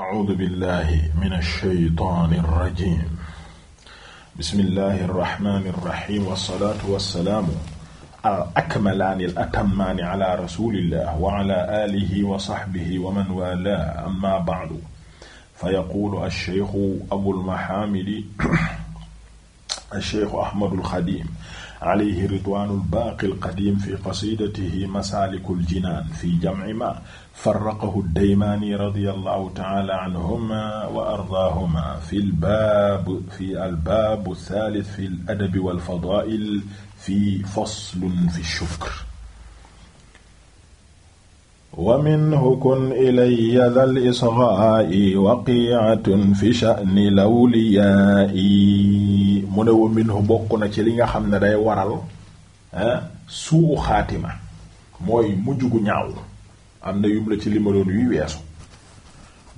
أعوذ بالله من الشيطان الرجيم بسم الله الرحمن الرحيم والصلاة والسلام الأكملان الأتمان على رسول الله وعلى آله وصحبه ومن والاه أما بعد فيقول الشيخ أبو المحامد الشيخ أحمد الخديم alayhi ridwaanul baaqil qadiim fi qasiidatihi masaalikul jinaan fi jam'i ma farraqahu daymaani radiyallahu ta'ala anhuma wa ardaahuma fi albaab fi albaab thalith fi al adabi wal fadaa'il fi faslun fi shukr wa minhu kun ilayya dhal isghaa'i waqi'atun fi sha'ni lawliyaa'i mu ne wa minhu bokk na ci li nga xam ne day waral suu xaatima mooy mujj gu ñaaw am na yum la ci limaloon yuy weesu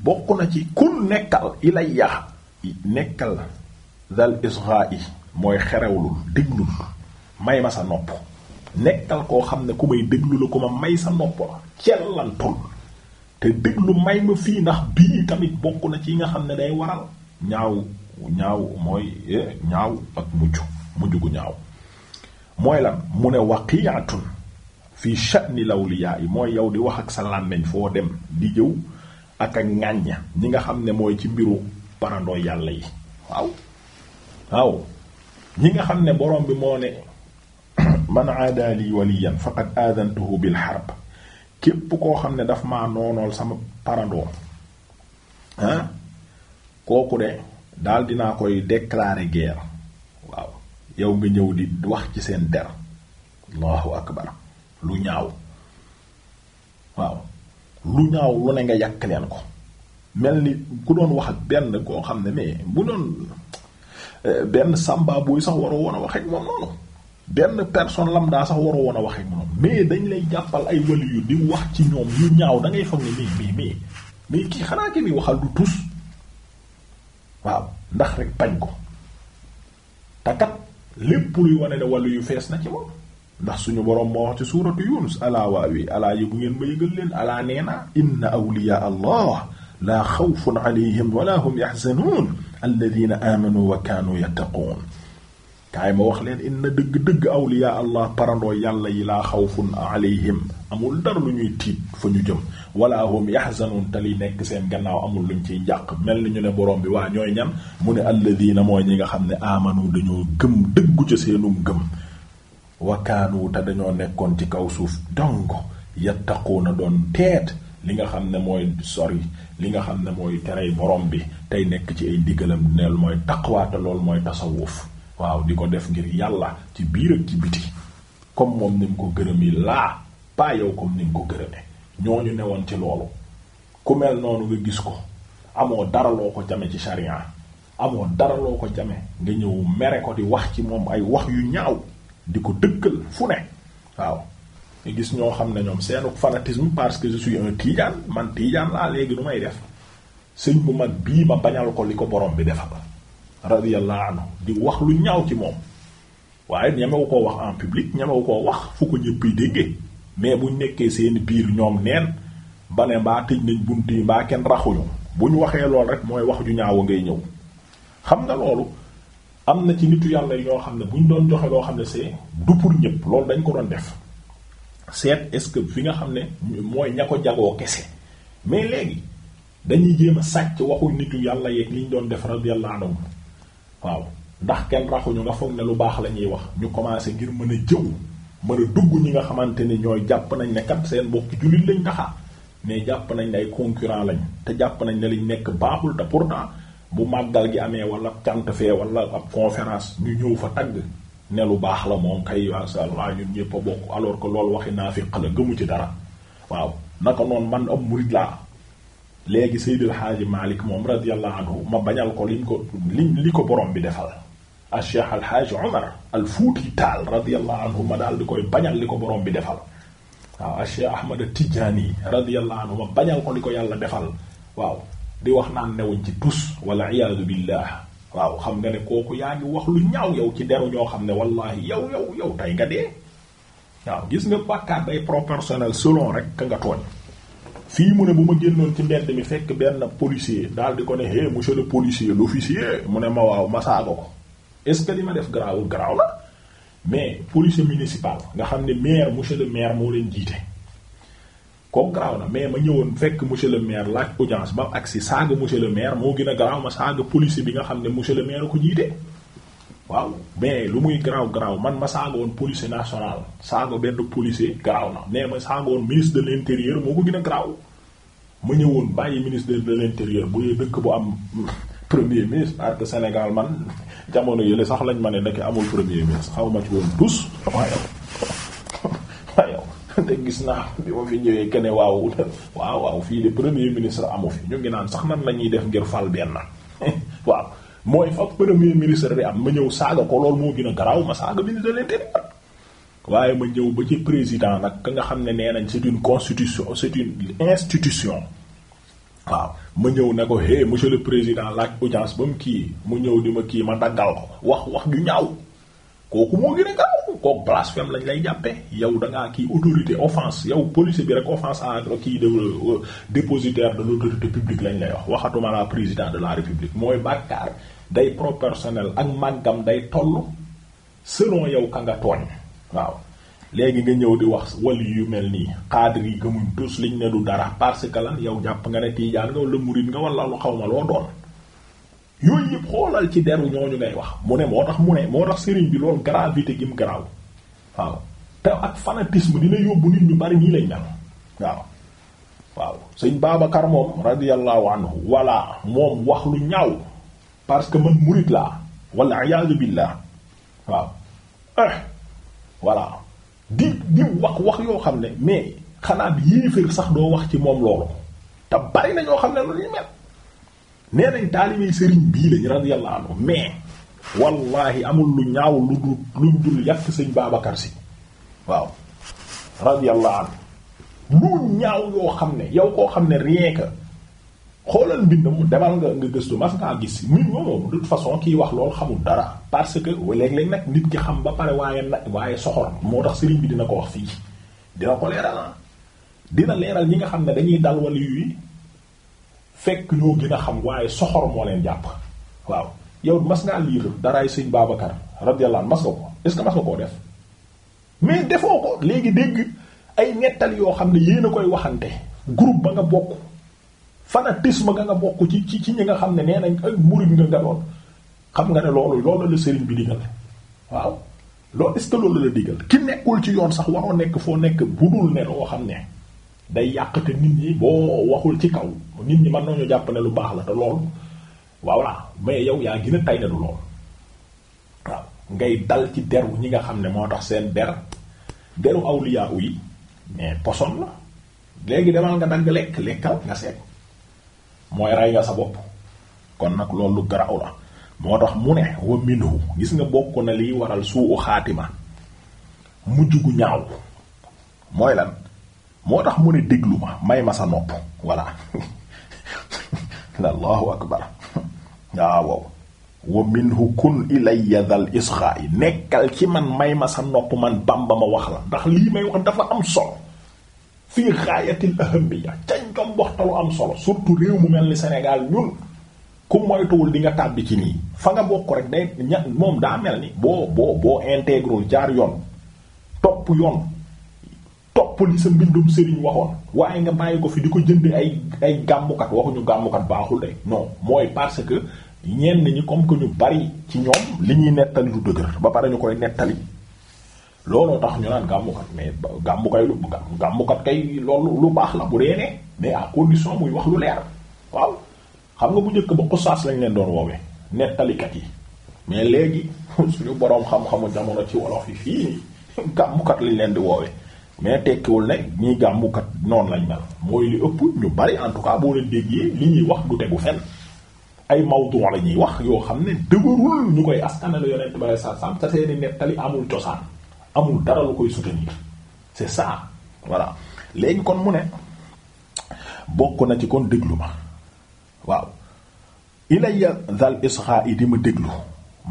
bokk na ci kun nekkal ilayya nekkal dhal isghaa'i mooy xerewlul déglul may ma sa nopp nekkal koo xam ne ku may déglu la ku ma may sa nopp la cellantul te lu may ma fii ndax bii tamit bokk na ci nga xam ne day waral ñaaw ñaaw mooy eh, ñaaw ak mujj mujj gu ñaaw mooy la mu ne waqiatun fii sha'ni lawliyaa yi mooy yow di wax ak sa làmmiñ foo dem di jëw ak ak ŋàñña ñi nga xam ne mooy ci mbiru parandoo yàlla yi waaw waaw ñi nga xam ne borom bi moo ne man aada li waliyan faqad aadantuhu bil harb képp koo xam ne dafa ma noonool sama parandoom ah kooku de daal dinaa koy déclarer guerre waaw yow nga ñëw di wax ci seen der allahu akbar lu ñaaw waaw lu ñaaw lu ne nga yàq leen ko mel ni ku doon wax ak benn koo xam ne mais bu doon eh, benn sàmba buy sax waroo woon a wax ak moom noonu benn lam daa sax waroo woon a waxee moom mais dañu lay jàppal ay wali yu di wax ci ñoom yu ñaaw da ngay xam ne mais mais mais mais kii xanaa ki muy waxal du tus waaw ndax rek pañ ko te kat lépp luy wane ne wali yu fees na ci moom ndax suñu boroom moo wax ci suuratu yunus alaa waawi alaa yëgu ngeen ma yëgal leen alaa nee na inna awliyaa allah laa xawfun alayhim wala hum yaxzanuun alladina amanu wa kaanu yattaquun kaay ma wax leen na dëgg-dëgg awliya allah parandoo yàlla yi laa xaw xawfun alayhim amul dara lu ñuy tiit fa ñu jëm wala hum yahzanun te li nekk seen gannaaw amul lu luñ ciy njàq mel na ñu ne borom bi waa ñooy ñan mu ne alladina mooy ñi nga xam ne amanu dañoo gëm dëggu ca seenum gëm wakaanu te dañoo nekkoon ci kaw suuf donc yattaquuna doon teet li nga xam ne mooy sori li nga xam ne mooy terey borom bi tey nekk ci ay digalam neel mooy taqwaate lool mooy tasawuf waaw di ko def ngir yàlla ci biir ak ci biti comme moom ni mu ko gërëmee laa pas yow comme ni mu ko gërëmee ñooñu newoon ci loolu ku mel noonu nga gis ko amoo dara loo ko jame ci sharia amoo dara loo ko jame nga ñëw mere ko di wax ci moom ay wax yu ñaaw di ko dëkkal fu ne waaw nga gis ñoo xam ne ñoom seenu fanatisme parce que je suis un tijaan man tijaan laa léegi nu may def sëñ bu mag bii ma bañal ko li ko borom bi defal radiyallahu anhu di wax lu ñaaw ci moom waaye ñamewu koo wax en public ñamewu koo wax fu ko ñëpp ay déggee mais buñ nekkee seen biir ñoom neen ba ne mbaa tëj nañ bunt yi mbaa kenn raxuñu bu ñu waxee loolu rek mooy wax ju ñaaw ngay ñëw xam nga loolu am na ci nitu yàlla yoo xam ne buñ doon joxe loo xam ne c'est du pour ñëpp loolu dañ ko doon def seet est-ce que fi nga xam ne mooy ña ko jagoo kese mais léegi dañuy jéem a sàcc waxul nitu yàlla yeeg liñ doon def radiyallahu anhu waaw ndax kenn raxuñu nga foog ne lu baax la ñuy wax ñu commencé ngir mën a jëw mën dugg ñi nga xamante ni ñooy jàpp nañ ne kat seen bokk jullit lañ taxaa mais jàpp nañ ne ay concurrent lañ te jàpp nañ ne liñ nekk baaxul te pourtant bu màggal gi amee wala cant fee wala ab conférence ñu ñëw fa tagg ne lu baax la moom kay masha Allah ñu ñëpp a bokk alors que loolu waxi naafiq la gëmu ci dara waaw naka noonu man ab murid laa léegi Seydil Hadji Malick moom radiyallahu anhu ma bañal ko liñ ko liñ li ko borom bi defal al Cheikh Al Hadji Omar al Fuuti Taal radiyallahu anhu ma daal di koy bañal li ko borom bi defal waaw al Cheikh Ahmad Tidiane radiyallahu anhu ma bañal ko li ko yàlla defal waaw di wax naan newuñ ci tus wala iyaadu billah waaw xam nga ne kooku yaa ngi wax lu ñaaw yow ci deru ñoo xam ne wallahi yow yow yow tey nga dee waaw gis nga bàkkaar day proportionnel rek ka fii mu ne bu ma génnoon ci mbedd mi fekk benn policier dal di ko ne eh monsieur le policier l'officier mu ne ma waaw ma saaga ko est-ce que li ma def garaawul garaaw la mais policier municipal nga xam ne maire monsieur le maire moo leen jiite. kooku garaaw na mais ma ñëwoon fekk monsieur le maire laaj audience ba agsi saaga monsieur le maire moo gën a garaaw ma saaga policier bi nga xam ne monsieur le maire ko jiite. waaw mais lu muy garaaw garaaw man ma saagoon police nationale saago benn policier garaaw na mais ma saagoon ministre de l'intérieur moo ko gën a garaaw ma ñëwoon bàyyi ministre de l'intérieur bu dee dëkk bu am premier ministre ak Sénégal man jamono yële sax lañ ma ne ndeke amul premier ministre xaw ma ci woon tus gis naa bi ma fi ñëwee kene waaw waaw waaw fii de premier ministre amu fi ñu ngi naan sax man la ñuy def ngir fal benn waaw mooy fa premier ministre di am ma ñëw saaga ko loolu moo gën a garaaw ma saaga ministre de l'intérieur waaye ma ñëw ba ci président nag ka nga xam ne nee nañ c'est une constitution c'est une institution waaw ma ñëw ne ko hé monsieur le président laaj audience ba mu kii mu ñëw di ma kii ma daggal ko wax wax ju ñaaw kooku moo gën a gaaw kooku blasphème lañ lay jàppee yow da ngaa kii autorité offense yow policier bi rek offense à kii de euh, dépositaire de l'autorité publique lañ lay wax waxatuma la président de la république mooy bàkkaar day proportionnel ak màggam day toll selon yow ka nga tooñ waaw léegi nga ñëw di wax wali yu mel nii cadre yi gëmuñ tous liñ ne du dara parce que lan yow jàpp nga ne tiijaan nga wala murid nga wala lu xaw ma loo doon yooyu yëpp xoolal ci deru ñooñu ngay wax mu ne moo tax mu ne moo tax sëriñ bi loolu gravité gi mu garaaw waaw te ak fanatisme dina yóbbu nit ñu bari nii lañ mel waaw waaw sëñ Babacar moom radiyallahu anhu walla moom wax lu ñaaw parce que man murit laa walla iyaazu billah waaw eh voilà di di wax wax yoo xam ne mais xanaa bi yéeféer sax doo wax ci moom loolu te bari na ñoo xam ne loolu ñu mel nee nañ sëriñ bii lañ radiyallahu anhu mais wallahi amul lu ñaaw lu dul lu dul yàq sëñ Babacar si waaw radiyallahu anhu lu ñaaw yoo xam ne yow koo xam ne rien que xoolal mu demal nga gëstu mas ngaa gis min moom de toute façon kiy wax loolu xamul dara parce que léeg-léeg nag nit ki xam ba pare waaye nag waaye soxor moo tax sëriñ bi dina ko wax fii dina ko leeral ah. dina leeral ñi nga xam ne dañuy dal wala yuy fekk ñoo gën a xam waaye soxor moo leen jàpp waaw yow mas ngaa lire daraay sëñ Babacar radiyallahu mas nga ko est-ce que mas koo def mais defoo ko léegi dégg ay nettali yoo xam ne yéen a koy waxante groupe ba nga bokk fanatisme nga nga bokk ci ci ci ñi nga xam ne nee nañ ay murid nga nga doon xam nga ne loolu loolu la sëriñ bi digal waaw loolu est-ce que loolu la digal ki nekkul ci yoon sax waroo nekk foo nekk budul ne loo xam ne. day yàq te nit ñi boo waxul ci kaw nit ñi man nañu jàpp lu baax la te loolu voilà mais yow yaa gin a tay ne waaw ngay dal ci deru ñi nga xam ne moo tax seen der deru awliya yi mais poson la léegi demal nga dagg lekk lekkal nga seet mooy rey nga sa bopp kon nag loolu garaaw la moo tax mu ne wa minhu gis nga bokk na liy waral suu xaatima mujj gu ñaaw mooy lan moo tax mu ne déglu ma may ma sa nopp voilà allahu akbar waaw wa minhu kun ilayya dal isra yi nekkal ci man may ma sa nopp man bamba ma wax la ndax lii may wax dafa am solo fii gaayatil ahammiya ca njom am solo surtout réew mu mel ni senegal ñun ku moytuwul di nga tàbbi ci nii fa nga bokk rek day ña moom daa mel ni boo boo boo intégrul jaar yoon topp yoon topp li sa mbindum sëriñ waxoon waaye nga bàyyi ko fi di ko jënd ay ay gàmmukat waxuñu gàmmukat baaxul de non mooy parce que ñenn ñi comme que ñu bari ci ñoom li ñuy nettali du dëgër ba pare ñu koy nettali looloo tax ñu naan gàmmukat mais gàmmukay lu gàmmukat kay loolu lu baax la bu dee ne mais à condition muy wax lu leer waaw xam nga bu njëkk ba xusaas lañ leen doon woowee nettalikat yi mais léegi suñu boroom xam-xamu jamono ci wolof yi fii gàmmukat lañ leen di woowee mais tekkiwul ne ñii gàmbukat noonu lañ mel mooy li ëpp ñu bari en tout cas boo leen déggee li ñuy wax du tegu fenn ay mawdu la ñuy wax yoo xam ne dëgërul ñu koy askanale yonent bi saa saam te seeni nettali amul cosaan amul dara lu koy soutenir c'est ça voilà léegi kon mu ne bokk na ci kon déglu ma waaw ilayya zal isra yi di ma déglu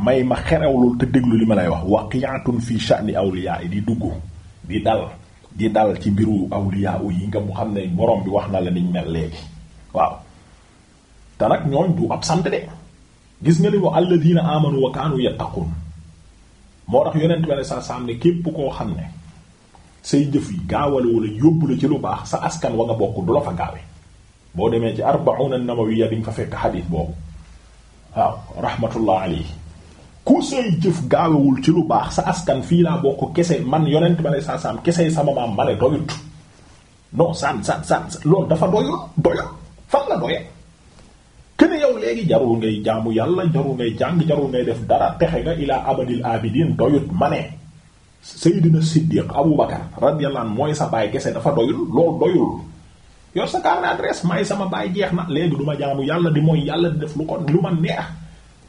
may ma xerewlul te déglu li ma lay wax waqiatun fi sha'ni awliya yi di dugg di dal di dal ci mbiru awliya yi nga mu xam ne borom bi wax na la niñ mel léegi waaw te nag ñooñ du ab sant de gis nga li mu alladina amanu wa kaanu yattaqun moo tax yonent bi koo xam ne say jëf yi gaawale wala yóbbu ci lu baax sa askan wa nga bokk du la fa gaawe boo demee ci arba'una an-nawawiyya di nga fa fekk xadiis boobu waaw rahmatullah alayhi ku say jëf gaawewul ci lu baax sa askan fii laa bokk kese man yonent ba ne saa saam kese sama maam ma ne doyut non saan saan saan loolu dafa doyul doyul fan la doyee kene yow léegi jarul ngay jaamu yàlla jarul ngay jàng jarul ngay def dara texe nga ilaa abadil abidin doyut ma ne Seydina Siddiq Abu Bakar mooy sa baay kese dafa doyul loolu doyul yor sa carte may sama baay jeex na léegi du ma jaamu yàlla di mooy yàlla di def lu kon lu ma neex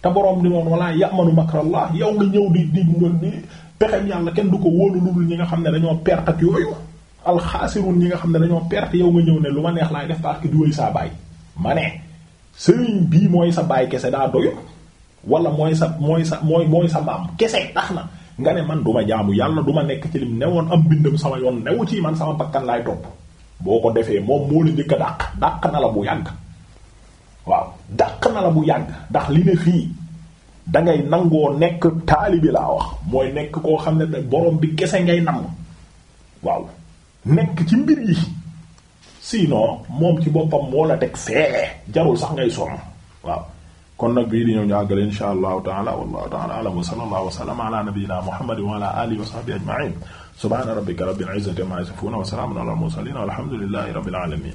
te borom di noon wala ya'manu makrallah yow nga ñëw di di di pexem yàlla kenn du ko wóolu lu dul ñi nga xam ne dañoo perte ak yooyu alxaasirun ñi nga xam ne dañoo perte yow nga ñëw ne lu ma neex laay def parce que saa baay ma ne sëriñ bii mooy sa baay kese daa doyu wala mooy sa mooy sa mooy mooy sa maam kese tax na nga ne man du ma jaamu yàlla du ma nekk ci lim newoon am bindam sama yoon newu ci man sama bakkan laay topp boo ko defee moom moo la njëkk a dàq dàq na la bu yàgg waaw dàq na la bu yàgg ndax li ne fii dangay nangoo nekk taali bi laa wax mooy nekk koo xam ne borom bi kese ngay nam waaw nekk ci mbir yi sinon moom ci boppam moo la teg fee jarul sax ngay sonn waaw kon nag bii di ñëw ñu àggale insha allahu taala wallahu taala alam wa sallallahu wa sallama ala nabiyyina muhammadin wa ala alihi wa sahbihi ajma'in subhana rabbika rabbil izzati amma yasifun wa ala al